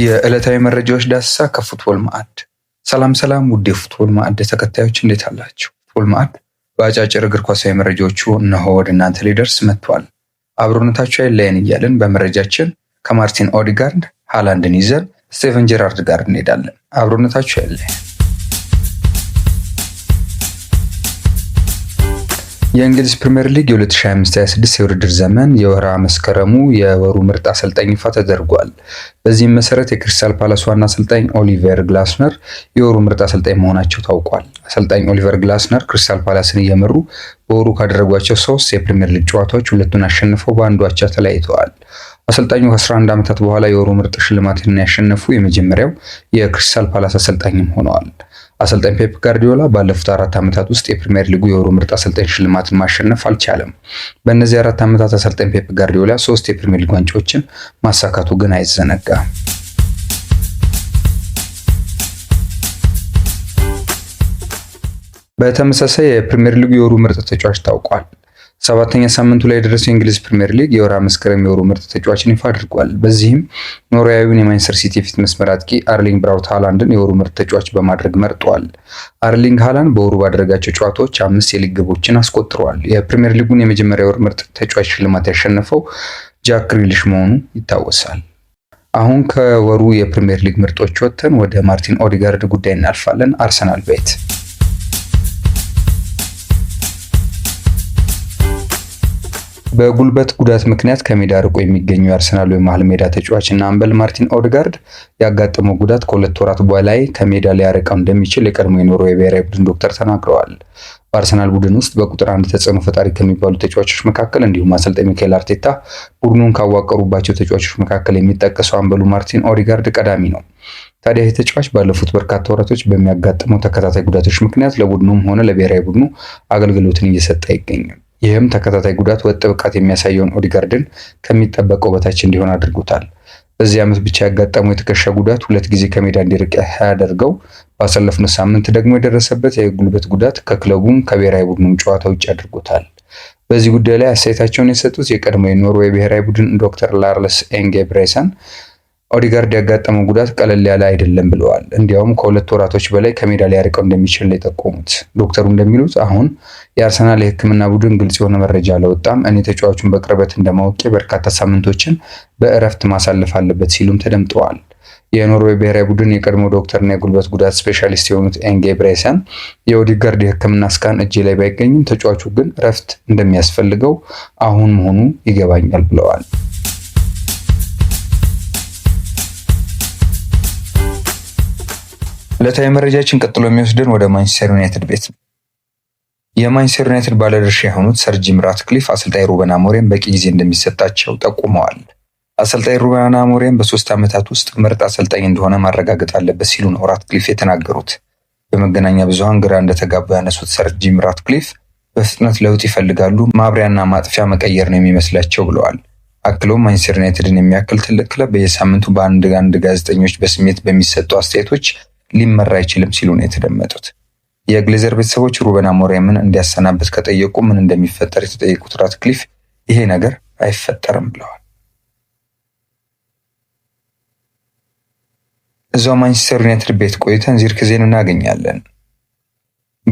የዕለታዊ መረጃዎች ዳሰሳ ከፉትቦል ማዕድ። ሰላም ሰላም! ውድ የፉትቦል ማዕድ ተከታዮች እንዴት አላችሁ? ፉትቦል ማዕድ በአጫጭር እግር ኳሳዊ መረጃዎቹ እነሆ ወደ እናንተ ሊደርስ መጥቷል። አብሮነታችሁ አይለየን እያለን በመረጃችን ከማርቲን ኦዲጋርድ፣ ሃላንድን ይዘን ስቴቨን ጀራርድ ጋር እንሄዳለን። አብሮነታችሁ አይለየን። የእንግሊዝ ፕሪምየር ሊግ የ2025/26 የውድድር ዘመን የወርሃ መስከረሙ የወሩ ምርጥ አሰልጣኝ ይፋ ተደርጓል። በዚህም መሰረት የክሪስታል ፓላስ ዋና አሰልጣኝ ኦሊቨር ግላስነር የወሩ ምርጥ አሰልጣኝ መሆናቸው ታውቋል። አሰልጣኝ ኦሊቨር ግላስነር ክሪስታል ፓላስን እየመሩ በወሩ ካደረጓቸው ሶስት የፕሪምየር ሊግ ጨዋታዎች ሁለቱን አሸንፈው በአንዱ አቻ ተለያይተዋል። አሰልጣኙ ከ11 ዓመታት በኋላ የወሩ ምርጥ ሽልማትን ያሸነፉ የመጀመሪያው የክሪስታል ፓላስ አሰልጣኝም ሆነዋል። አሰልጣኝ ፔፕ ጋርዲዮላ ባለፉት አራት ዓመታት ውስጥ የፕሪሚየር ሊጉ የወሩ ምርጥ አሰልጣኝ ሽልማትን ማሸነፍ አልቻለም። በእነዚህ አራት ዓመታት አሰልጣኝ ፔፕ ጋርዲዮላ ሶስት የፕሪሚየር ሊግ ዋንጫዎችን ማሳካቱ ግን አይዘነጋም። በተመሳሳይ የፕሪሚየር ሊጉ የወሩ ምርጥ ተጫዋች ታውቋል። ሰባተኛ ሳምንቱ ላይ የደረሰው የእንግሊዝ ፕሪምየር ሊግ የወር መስከረም የወሩ ምርጥ ተጫዋችን ይፋ አድርጓል። በዚህም ኖርዌያዊውን የማንቸስተር ሲቲ የፊት መስመር አጥቂ አርሊንግ ብራውት ሃላንድን የወሩ ምርጥ ተጫዋች በማድረግ መርጧል። አርሊንግ ሃላንድ በወሩ ባደረጋቸው ጨዋታዎች አምስት የሊግ ግቦችን አስቆጥሯል። የፕሪምየር ሊጉን የመጀመሪያ የወር ምርጥ ተጫዋች ሽልማት ያሸነፈው ጃክ ግሪሊሽ መሆኑ ይታወሳል። አሁን ከወሩ የፕሪምየር ሊግ ምርጦች ወጥተን ወደ ማርቲን ኦዲጋርድ ጉዳይ እናልፋለን። አርሰናል ቤት በጉልበት ጉዳት ምክንያት ከሜዳ ርቆ የሚገኙ የአርሰናሉ የመሃል ሜዳ ተጫዋች አምበል ማርቲን ኦድጋርድ ያጋጠመው ጉዳት ከሁለት ወራት በላይ ከሜዳ ሊያርቀው እንደሚችል የቀድሞ የኖሮ የብሔራዊ ቡድን ዶክተር ተናግረዋል። በአርሰናል ቡድን ውስጥ በቁጥር አንድ ተጽዕኖ ፈጣሪ ከሚባሉ ተጫዋቾች መካከል እንዲሁም አሰልጣኝ ሚካኤል አርቴታ ቡድኑን ካዋቀሩባቸው ተጫዋቾች መካከል የሚጠቀሰው አምበሉ ማርቲን ኦዲጋርድ ቀዳሚ ነው። ታዲያ ይህ ተጫዋች ባለፉት በርካታ ወራቶች በሚያጋጥመው ተከታታይ ጉዳቶች ምክንያት ለቡድኑም ሆነ ለብሔራዊ ቡድኑ አገልግሎትን እየሰጠ ይገኛል። ይህም ተከታታይ ጉዳት ወጥ ብቃት የሚያሳየውን ኦዲጋርድን ከሚጠበቀው በታች እንዲሆን አድርጎታል። በዚህ ዓመት ብቻ ያጋጠመው የትከሻ ጉዳት ሁለት ጊዜ ከሜዳ እንዲርቅ ያደርገው፣ ባሳለፍነው ሳምንት ደግሞ የደረሰበት የጉልበት ጉዳት ከክለቡም ከብሔራዊ ቡድኑም ጨዋታ ውጭ አድርጎታል። በዚህ ጉዳይ ላይ አስተያየታቸውን የሰጡት የቀድሞ የኖርዌይ ብሔራዊ ቡድን ዶክተር ላርለስ ኤንጌ ብሬሰን ኦዲጋርድ ያጋጠመው ጉዳት ቀለል ያለ አይደለም ብለዋል። እንዲያውም ከሁለት ወራቶች በላይ ከሜዳ ሊያርቀው እንደሚችል ነው የጠቆሙት። ዶክተሩ እንደሚሉት አሁን የአርሰናል የሕክምና ቡድን ግልጽ የሆነ መረጃ አላወጣም። እኔ ተጫዋቹን በቅርበት እንደማወቅ በርካታ ሳምንቶችን በእረፍት ማሳለፍ አለበት ሲሉም ተደምጠዋል። የኖርዌይ ብሔራዊ ቡድን የቀድሞ ዶክተርና የጉልበት ጉዳት ስፔሻሊስት የሆኑት ኤንጌ ብሬሰን የኦዲጋርድ የሕክምና ስካን እጅ ላይ ባይገኝም ተጫዋቹ ግን እረፍት እንደሚያስፈልገው አሁን መሆኑ ይገባኛል ብለዋል። ዕለታዊ መረጃችን ቀጥሎ የሚወስድን ወደ ማንቸስተር ዩናይትድ ቤት ነው። የማንቸስተር ዩናይትድ ባለድርሻ የሆኑት ሰር ጂም ራትክሊፍ አሰልጣኝ ሩበን አሞሪም በቂ ጊዜ እንደሚሰጣቸው ጠቁመዋል። አሰልጣኝ ሩበን አሞሪም በሶስት ዓመታት ውስጥ ምርጥ አሰልጣኝ እንደሆነ ማረጋገጥ አለበት ሲሉ ነው ራትክሊፍ የተናገሩት። በመገናኛ ብዙሃን ግራ እንደተጋቡ ያነሱት ሰር ጂም ራትክሊፍ በፍጥነት ለውጥ ይፈልጋሉ፣ ማብሪያና ማጥፊያ መቀየር ነው የሚመስላቸው ብለዋል። አክሎም ማንቸስተር ዩናይትድን የሚያክል ትልቅ ክለብ በየሳምንቱ በአንድ አንድ ጋዜጠኞች በስሜት በሚሰጡ አስተያየቶች ሊመራ አይችልም ሲሉ ነው የተደመጡት። የግሌዘር ቤተሰቦች ሩበን አሞሪምን እንዲያሰናበት ከጠየቁ ምን እንደሚፈጠር የተጠየቁት ራትክሊፍ ይሄ ነገር አይፈጠርም ብለዋል። እዛው ማንቸስተር ዩናይትድ ቤት ቆይተን ዚርክዜን እናገኛለን።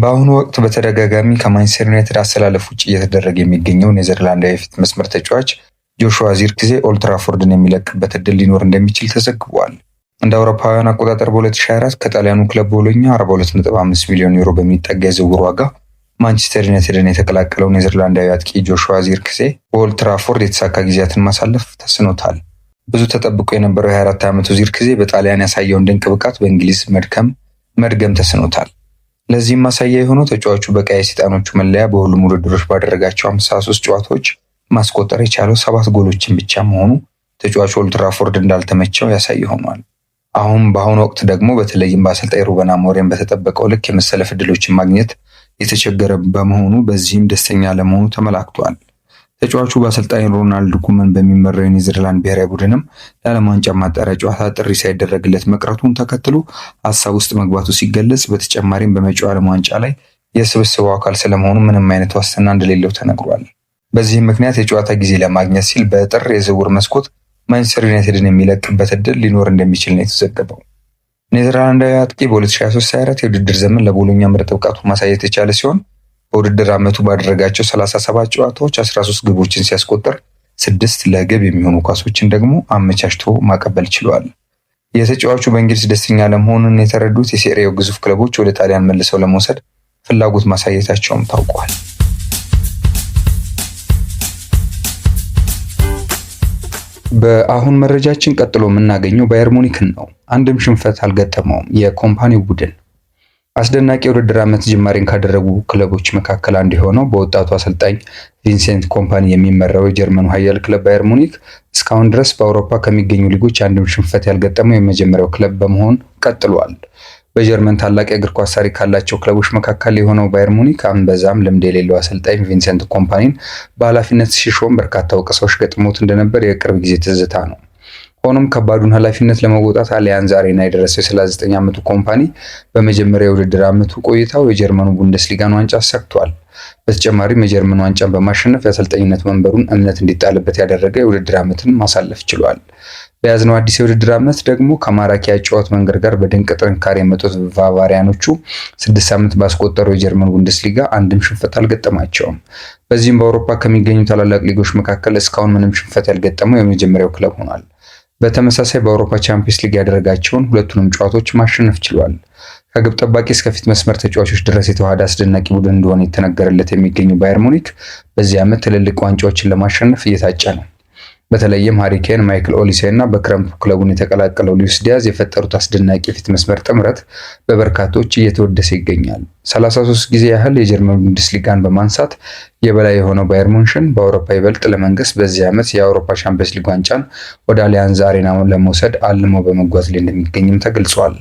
በአሁኑ ወቅት በተደጋጋሚ ከማንቸስተር ዩናይትድ አሰላለፍ ውጭ እየተደረገ የሚገኘው ኔዘርላንዳዊ የፊት መስመር ተጫዋች ጆሹዋ ዚርክዜ ኦልትራፎርድን የሚለቅበት እድል ሊኖር እንደሚችል ተዘግቧል። እንደ አውሮፓውያን አቆጣጠር በ2024 ከጣሊያኑ ክለብ ቦሎኛ 425 ሚሊዮን ዩሮ በሚጠጋ የዝውውር ዋጋ ማንቸስተር ዩናይትድን የተቀላቀለው ኔዘርላንዳዊ አጥቂ ጆሹዋ ዚርክሴ በኦልትራፎርድ የተሳካ ጊዜያትን ማሳለፍ ተስኖታል። ብዙ ተጠብቆ የነበረው የ24 ዓመቱ ዚርክዜ በጣሊያን ያሳየውን ድንቅ ብቃት በእንግሊዝ መድከም መድገም ተስኖታል። ለዚህም ማሳያ የሆነው ተጫዋቹ በቀይ ሰይጣኖቹ መለያ በሁሉም ውድድሮች ባደረጋቸው 53 ጨዋታዎች ማስቆጠር የቻለው ሰባት ጎሎችን ብቻ መሆኑ ተጫዋቹ ኦልትራፎርድ እንዳልተመቸው ያሳይ ሆኗል። አሁን በአሁኑ ወቅት ደግሞ በተለይም በአሰልጣኝ ሩበን አሞሪም በተጠበቀው ልክ የመሰለፍ እድሎችን ማግኘት የተቸገረ በመሆኑ በዚህም ደስተኛ ለመሆኑ ተመላክቷል። ተጫዋቹ በአሰልጣኝ ሮናልድ ኩመን በሚመራው የኔዘርላንድ ብሔራዊ ቡድንም ለዓለም ዋንጫ ማጣሪያ ጨዋታ ጥሪ ሳይደረግለት መቅረቱን ተከትሎ ሀሳብ ውስጥ መግባቱ ሲገለጽ፣ በተጨማሪም በመጪው ዓለም ዋንጫ ላይ የስብስቡ አካል ስለመሆኑ ምንም አይነት ዋስትና እንደሌለው ተነግሯል። በዚህም ምክንያት የጨዋታ ጊዜ ለማግኘት ሲል በጥር የዝውውር መስኮት ማንቸስተር ዩናይትድን የሚለቅበት እድል ሊኖር እንደሚችል ነው የተዘገበው። ኔዘርላንዳዊ አጥቂ በ2023/24 የውድድር ዘመን ለቦሎኛ ምርጥ ብቃቱን ማሳየት የቻለ ሲሆን በውድድር ዓመቱ ባደረጋቸው 37 ጨዋታዎች 13 ግቦችን ሲያስቆጠር ስድስት ለግብ የሚሆኑ ኳሶችን ደግሞ አመቻችቶ ማቀበል ችሏል። የተጫዋቹ በእንግሊዝ ደስተኛ ለመሆኑን የተረዱት የሴሪያው ግዙፍ ክለቦች ወደ ጣሊያን መልሰው ለመውሰድ ፍላጎት ማሳየታቸውም ታውቋል። በአሁን መረጃችን ቀጥሎ የምናገኘው ባየር ሙኒክን ነው። አንድም ሽንፈት አልገጠመውም የኮምፓኒው ቡድን አስደናቂ የውድድር ዓመት ጅማሬን ካደረጉ ክለቦች መካከል አንዱ የሆነው በወጣቱ አሰልጣኝ ቪንሴንት ኮምፓኒ የሚመራው የጀርመኑ ኃያል ክለብ ባየር ሙኒክ እስካሁን ድረስ በአውሮፓ ከሚገኙ ሊጎች አንድም ሽንፈት ያልገጠመው የመጀመሪያው ክለብ በመሆን ቀጥሏል። በጀርመን ታላቅ የእግር ኳስ ታሪክ ካላቸው ክለቦች መካከል የሆነው ባየር ሙኒክ እምብዛም ልምድ የሌለው አሰልጣኝ ቪንሰንት ኮምፓኒን በኃላፊነት ሲሾም በርካታ ወቀሳዎች ገጥሞት እንደነበር የቅርብ ጊዜ ትዝታ ነው። ሆኖም ከባዱን ኃላፊነት ለመወጣት አሊያንዝ አሬና የደረሰው የ39 ዓመቱ ኮምፓኒ በመጀመሪያ የውድድር ዓመቱ ቆይታው የጀርመኑ ቡንደስሊጋን ዋንጫ አሳክቷል። በተጨማሪም የጀርመን ዋንጫን በማሸነፍ የአሰልጣኝነት መንበሩን እምነት እንዲጣልበት ያደረገ የውድድር ዓመትን ማሳለፍ ችሏል። በያዝነው አዲስ የውድድር ዓመት ደግሞ ከማራኪ አጨዋወት መንገድ ጋር በድንቅ ጥንካሬ የመጡት ባቫሪያኖቹ ስድስት ሳምንት ባስቆጠሩ የጀርመን ቡንደስሊጋ አንድም ሽንፈት አልገጠማቸውም። በዚህም በአውሮፓ ከሚገኙ ታላላቅ ሊጎች መካከል እስካሁን ምንም ሽንፈት ያልገጠመው የመጀመሪያው ክለብ ሆኗል። በተመሳሳይ በአውሮፓ ቻምፒየንስ ሊግ ያደረጋቸውን ሁለቱንም ጨዋታዎች ማሸነፍ ችሏል። ከግብ ጠባቂ እስከ ፊት መስመር ተጫዋቾች ድረስ የተዋሃደ አስደናቂ ቡድን እንደሆነ የተነገረለት የሚገኙ ባየር ሙኒክ በዚህ ዓመት ትልልቅ ዋንጫዎችን ለማሸነፍ እየታጨ ነው። በተለይም ሃሪኬን ማይክል ኦሊሴ እና በክረምቱ ክለቡን የተቀላቀለው ሉዊስ ዲያዝ የፈጠሩት አስደናቂ የፊት መስመር ጥምረት በበርካቶች እየተወደሰ ይገኛል። 33 ጊዜ ያህል የጀርመን ቡንደስሊጋን በማንሳት የበላይ የሆነው ባየር ሙንሽን በአውሮፓ ይበልጥ ለመንገስ በዚህ ዓመት የአውሮፓ ሻምፒዮንስ ሊግ ዋንጫን ወደ አሊያንዝ አሬና ለመውሰድ አልሞ በመጓዝ ላይ እንደሚገኝም ተገልጿል።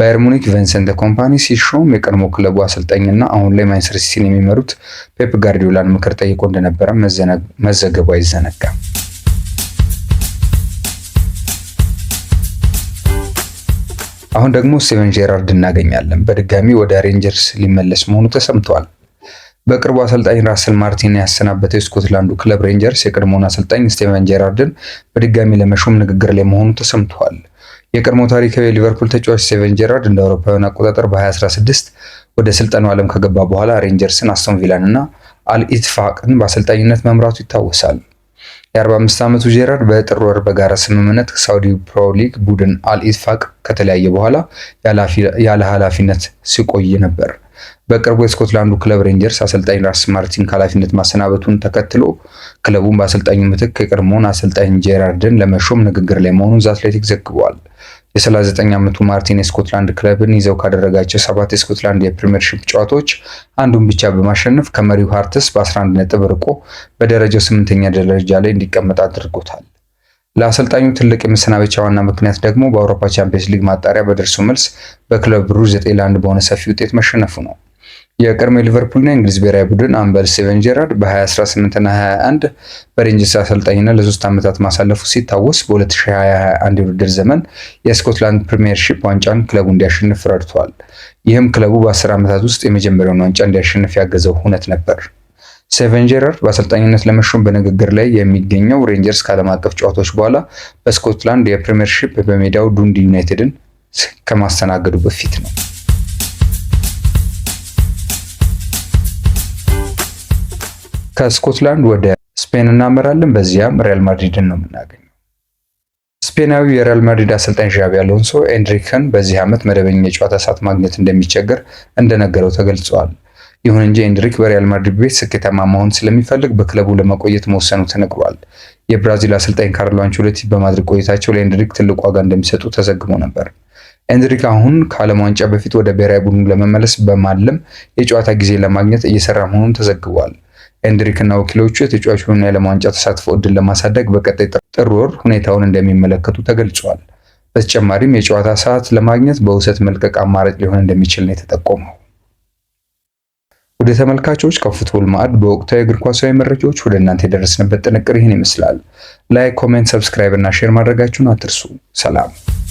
ባየር ሙኒክ ቪንሰንት ኮምፓኒ ሲሾም የቀድሞ ክለቡ አሰልጣኝና አሁን ላይ ማንቸስተር ሲቲን የሚመሩት ፔፕ ጋርዲዮላን ምክር ጠይቆ እንደነበረ መዘገቡ አይዘነጋም። አሁን ደግሞ ስቴቨን ጄራርድ እናገኛለን። በድጋሚ ወደ ሬንጀርስ ሊመለስ መሆኑ ተሰምቷል። በቅርቡ አሰልጣኝ ራስል ማርቲን ያሰናበተው የስኮትላንዱ ክለብ ሬንጀርስ የቀድሞውን አሰልጣኝ ስቴቨን ጄራርድን በድጋሚ ለመሾም ንግግር ላይ መሆኑ ተሰምተዋል። የቀድሞ ታሪካዊ የሊቨርፑል ተጫዋች ስቴቨን ጄራርድ እንደ አውሮፓውያን አቆጣጠር በ2016 ወደ ስልጠናው ዓለም ከገባ በኋላ ሬንጀርስን፣ አስቶን ቪላን እና አልኢትፋቅን በአሰልጣኝነት መምራቱ ይታወሳል። የ45 ዓመቱ ጄራርድ በጥር ወር በጋራ ስምምነት ሳውዲ ፕሮ ሊግ ቡድን አልኢትፋቅ ከተለያየ በኋላ ያለ ኃላፊነት ሲቆይ ነበር። በቅርቡ የስኮትላንዱ ክለብ ሬንጀርስ አሰልጣኝ ራስ ማርቲን ከኃላፊነት ማሰናበቱን ተከትሎ ክለቡን በአሰልጣኙ ምትክ የቀድሞውን አሰልጣኝ ጄራርድን ለመሾም ንግግር ላይ መሆኑን ዘ አትሌቲክ ዘግቧል። የ39 ዓመቱ ማርቲን የስኮትላንድ ክለብን ይዘው ካደረጋቸው ሰባት የስኮትላንድ የፕሪምየርሺፕ ጨዋታዎች አንዱን ብቻ በማሸነፍ ከመሪው ሃርትስ በ11 ነጥብ ርቆ በደረጃው ስምንተኛ ደረጃ ላይ እንዲቀመጥ አድርጎታል። ለአሰልጣኙ ትልቅ የመሰናበቻ ዋና ምክንያት ደግሞ በአውሮፓ ቻምፒየንስ ሊግ ማጣሪያ በደርሶ መልስ በክለብ ብሩ 9 ለ1 በሆነ ሰፊ ውጤት መሸነፉ ነው። የቀድሞ ሊቨርፑልና የእንግሊዝ ብሔራዊ ቡድን አምበል ስቲቨን ጀራርድ በ2018 እና 21 በሬንጀርስ አሰልጣኝነት ለሶስት ዓመታት ማሳለፉ ሲታወስ በ2021 የውድድር ዘመን የስኮትላንድ ፕሪምየርሺፕ ዋንጫን ክለቡ እንዲያሸንፍ ረድቷል። ይህም ክለቡ በ10 ዓመታት ውስጥ የመጀመሪያውን ዋንጫ እንዲያሸንፍ ያገዘው ሁነት ነበር። ስቲቨን ጀራርድ በአሰልጣኝነት ለመሾም በንግግር ላይ የሚገኘው ሬንጀርስ ከዓለም አቀፍ ጨዋታዎች በኋላ በስኮትላንድ የፕሪምየርሺፕ በሜዳው ዱንዲ ዩናይትድን ከማስተናገዱ በፊት ነው። ከስኮትላንድ ወደ ስፔን እናመራለን። በዚያም ሪያል ማድሪድን ነው የምናገኘው። ስፔናዊ የሪያል ማድሪድ አሰልጣኝ ዣቢ አሎንሶ ኤንድሪክን በዚህ ዓመት መደበኛ የጨዋታ ሰዓት ማግኘት እንደሚቸገር እንደነገረው ተገልጿል። ይሁን እንጂ ኤንድሪክ በሪያል ማድሪድ ቤት ስኬታማ መሆን ስለሚፈልግ በክለቡ ለመቆየት መወሰኑ ተነግሯል። የብራዚል አሰልጣኝ ካርሎ አንቸሎቲ በማድሪድ ቆይታቸው ለኤንድሪክ ትልቅ ዋጋ እንደሚሰጡ ተዘግቦ ነበር። ኤንድሪክ አሁን ከዓለም ዋንጫ በፊት ወደ ብሔራዊ ቡድኑ ለመመለስ በማለም የጨዋታ ጊዜ ለማግኘት እየሰራ መሆኑን ተዘግቧል። ኤንድሪክና ወኪሎቹ የተጫዋቹን የዓለም ዋንጫ ተሳትፎ እድል ለማሳደግ በቀጣይ ጥር ወር ሁኔታውን እንደሚመለከቱ ተገልጿል። በተጨማሪም የጨዋታ ሰዓት ለማግኘት በውሰት መልቀቅ አማራጭ ሊሆን እንደሚችል ነው የተጠቆመው። ወደ ተመልካቾች ከፉትቦል ማዕድ በወቅታዊ እግር ኳሳዊ መረጃዎች ወደ እናንተ የደረስንበት ጥንቅር ይህን ይመስላል። ላይክ፣ ኮሜንት፣ ሰብስክራይብ እና ሼር ማድረጋችሁን አትርሱ። ሰላም